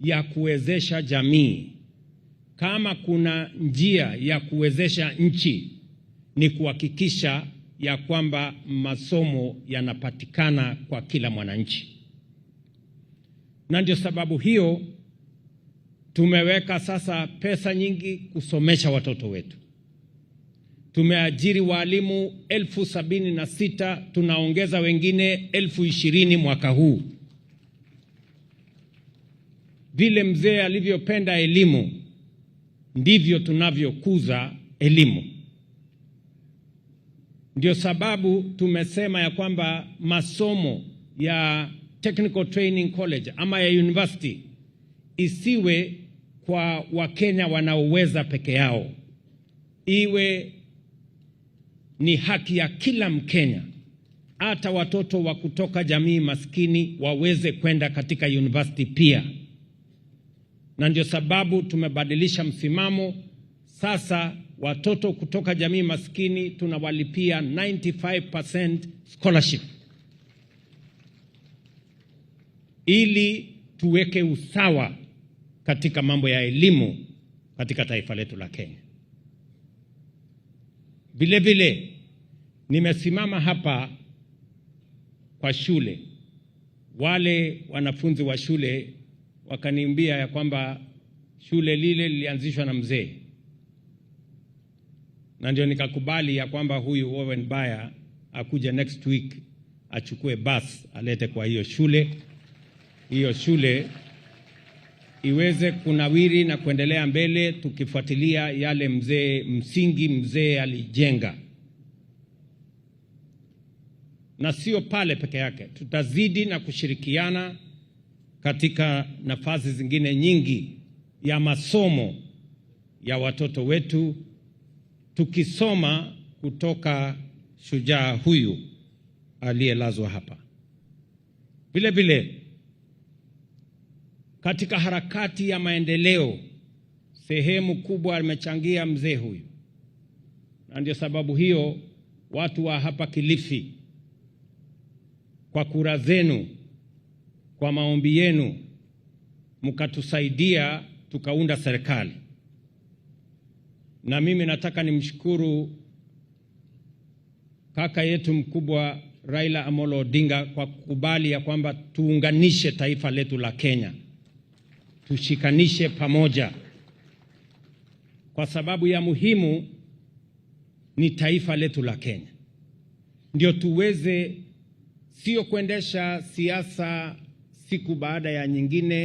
ya kuwezesha jamii, kama kuna njia ya kuwezesha nchi ni kuhakikisha ya kwamba masomo yanapatikana kwa kila mwananchi, na ndio sababu hiyo tumeweka sasa pesa nyingi kusomesha watoto wetu. Tumeajiri waalimu elfu sabini na sita tunaongeza wengine elfu ishirini mwaka huu. Vile mzee alivyopenda elimu ndivyo tunavyokuza elimu. Ndio sababu tumesema ya kwamba masomo ya Technical Training College ama ya university isiwe kwa Wakenya wanaoweza peke yao, iwe ni haki ya kila Mkenya, hata watoto wa kutoka jamii maskini waweze kwenda katika university pia na ndio sababu tumebadilisha msimamo. Sasa watoto kutoka jamii maskini tunawalipia 95% scholarship ili tuweke usawa katika mambo ya elimu katika taifa letu la Kenya. Vilevile nimesimama hapa kwa shule, wale wanafunzi wa shule wakaniambia ya kwamba shule lile lilianzishwa na mzee, na ndio nikakubali ya kwamba huyu Owen Baya akuja next week achukue bus alete kwa hiyo shule, hiyo shule iweze kunawiri na kuendelea mbele, tukifuatilia yale mzee msingi mzee alijenga, na sio pale peke yake, tutazidi na kushirikiana katika nafasi zingine nyingi ya masomo ya watoto wetu, tukisoma kutoka shujaa huyu aliyelazwa hapa. Vile vile katika harakati ya maendeleo, sehemu kubwa amechangia mzee huyu, na ndio sababu hiyo watu wa hapa Kilifi, kwa kura zenu kwa maombi yenu mkatusaidia tukaunda serikali. Na mimi nataka nimshukuru kaka yetu mkubwa Raila Amolo Odinga kwa kukubali ya kwamba tuunganishe taifa letu la Kenya, tushikanishe pamoja, kwa sababu ya muhimu ni taifa letu la Kenya, ndio tuweze sio kuendesha siasa siku baada ya nyingine.